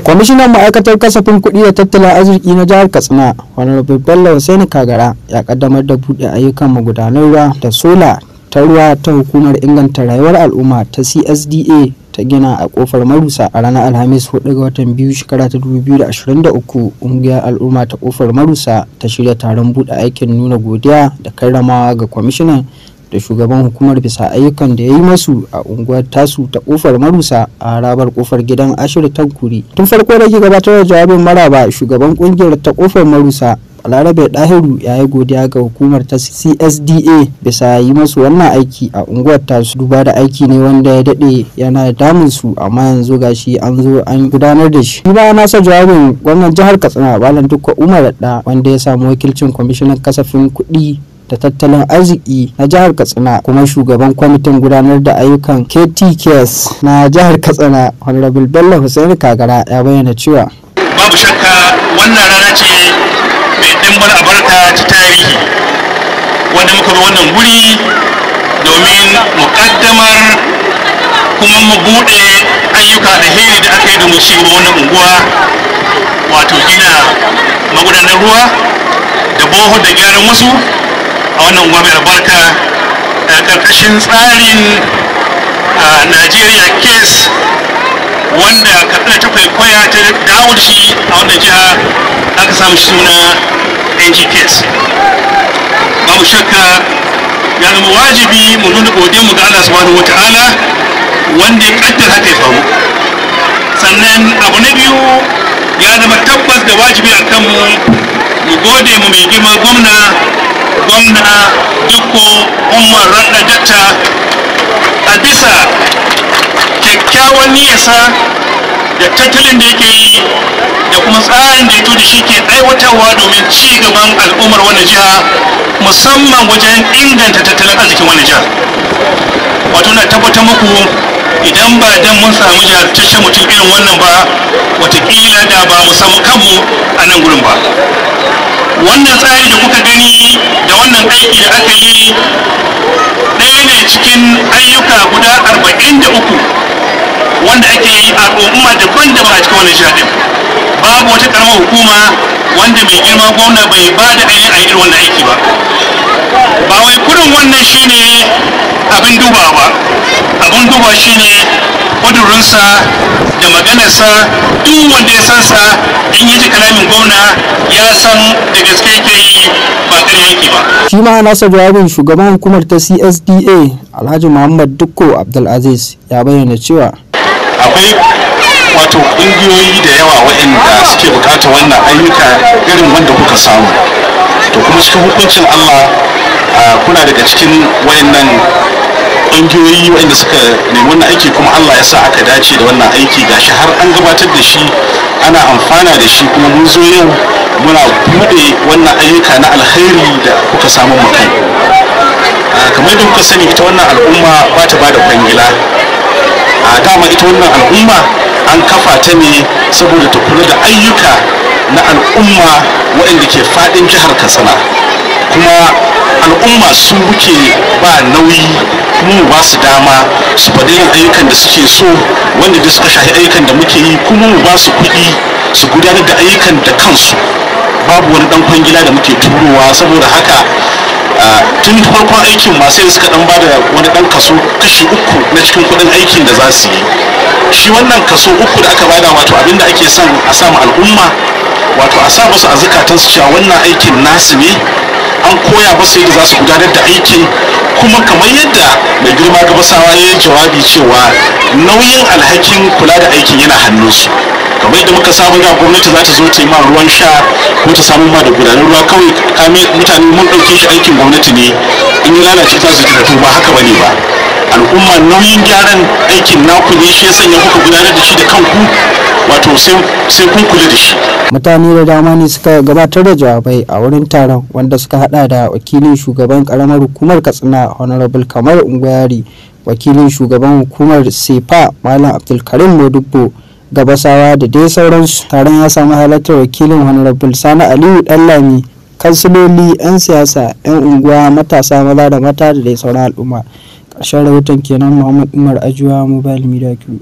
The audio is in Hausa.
kwamishinan ma'aikatar kasafin kuɗi da tattalin arziki na jihar katsina honorable bello hussein kagara ya kaddamar da buɗe ayyukan magudanar ruwa da sola ta ruwa ta hukumar inganta rayuwar al'umma ta csda ta gina a kofar marusa a ranar alhamis 4 ga watan biyu shekara ta 2023 ƙungiyar al'umma ta kofar marusa ta shirya taron buɗe aikin nuna godiya da karramawa ga kwamishinan da shugaban hukumar bisa ayyukan da ya yi masu a unguwar tasu ta kofar marusa a harabar kofar gidan ashir tankuri tun farko da ke gabatar da jawabin maraba shugaban kungiyar ta kofar marusa larabe dahiru ya yi godiya ga hukumar ta csda bisa yi masu wannan aiki a unguwar tasu duba da aiki ne wanda ya dade yana damun su amma yanzu gashi an zo an gudanar da shi ya nasa jawabin gwamnan jihar katsina balan dukkan umar da wanda ya samu wakilcin kwamishinan kasafin kuɗi da tattalin arziki na jihar katsina kuma shugaban kwamitin gudanar da ayyukan ktks na jihar katsina honorable bello hussein kagara ya bayyana cewa babu shakka wannan rana ce mai dimbar albarka ta tarihi wanda muka bi wannan guri domin mu kaddamar kuma mu buɗe ayyuka alheri da aka yi domin shi wannan unguwa wato gina magudanar ruwa da boho da gyaran wasu a wannan gwamnati albarka a karkashin tsarin a Najeriya case wanda katsina ta kwaikwaya ta dawo da shi a wannan jiha aka samu suna NG case babu shakka ya zama wajibi mu nuna godiyar mu ga Allah subhanahu Ta'ala wanda ya kaddara haka ya faru sannan abu na biyu ya zama tabbas da wajibi a kanmu mu gode mu mai girma gwamna gwamna dukko umar randa jatta a bisa kyakkyawan niyasa da tattalin da yake yi da kuma tsarin da ya da shi ke aiwatarwa domin ci gaban al'ummar wani jiha musamman wajen inganta tattalin arzikin wani jiha wato na tabbatar muku idan ba dan mun samu jajirtaccen mutum irin wannan ba watakila da ba mu samu kanmu a nan gurin ba wannan tsari da kuka gani da wannan aiki da aka yi ɗaya ne cikin ayyuka guda arba'in da uku wanda ake yi a al'umma daban-daban a cikin wani jihadin babu wata karamar hukuma wanda mai girma gwamna bai ba da aini a irin wannan aiki ba ba wai kurin wannan shine abin dubawa ba abun duba shine kudurinsa da maganarsa duk wanda ya san sa in yi ji kalamin gwamna ya san da gaske yake yi ba kare yake ba shi ma nasa jawabin shugaban hukumar ta CSDA Alhaji Muhammad Dukko Abdulaziz ya bayyana cewa akwai wato ƙungiyoyi da yawa waɗanda suke buƙatar wannan ayyuka irin wanda kuka samu to kuma cikin hukuncin Allah kuna daga cikin waɗannan ƙungiyoyi waɗanda suka nemi wannan aiki kuma Allah ya sa aka dace da wannan aiki gashi har an gabatar da shi ana amfana da shi kuma mun zo yau muna buɗe wannan ayyuka na alkhairi da kuka samu mu kai ah, kamar da kuka sani ita wannan al'umma ba ta bada kwangila a ah, dama ita wannan al'umma an kafa ta ne saboda ta kula da ayyuka na al'umma waɗanda ke faɗin jihar katsina kuma al'umma su wuce ba nauyi mu ba su dama su faɗi yin ayyukan da suke so wanda da suka shafi ayyukan da muke yi kuma mu ba su kuɗi su gudanar da ayyukan da kansu babu wani ɗan kwangila da muke turowa saboda haka tun farkon aikin ma sai suka dan bada wani dan kaso kashi uku na cikin kuɗin aikin da za su yi shi wannan kaso uku da aka bada wato abinda ake son a samu al'umma wato a sa musu a zukatan su cewa wannan aikin nasu ne an koya masa yadda za su gudanar da aikin kuma kamar yadda mai girma gabasawa ya yi jawabi cewa nauyin alhakin kula da aikin yana hannunsu kamar yadda muka samu ga gwamnati za ta zo ta yi ma ruwan sha ko ta samu ma da gudanar ruwa kawai mutane mun ɗauke shi aikin gwamnati ne in yi lalace ta su ba haka ba ne ba al'umma nauyin gyaran aikin naku ne shi ya sanya kuka gudanar da shi da kanku wato sai kun kula da shi mutane da dama ne suka gabatar da jawabai a wurin taron wanda suka hada da wakilin shugaban karamar hukumar katsina honorable kamar ungwayari wakilin shugaban hukumar sefa malam abdulkarim modubbo gabasawa da dai sauransu taron ya samu halartar wakilin honorable sani aliyu dallami kansiloli 'yan siyasa 'yan unguwa matasa maza da mata da dai sauran al'umma ƙarshen watan kenan Muhammad Umar Ajuwa Mobile Media Group.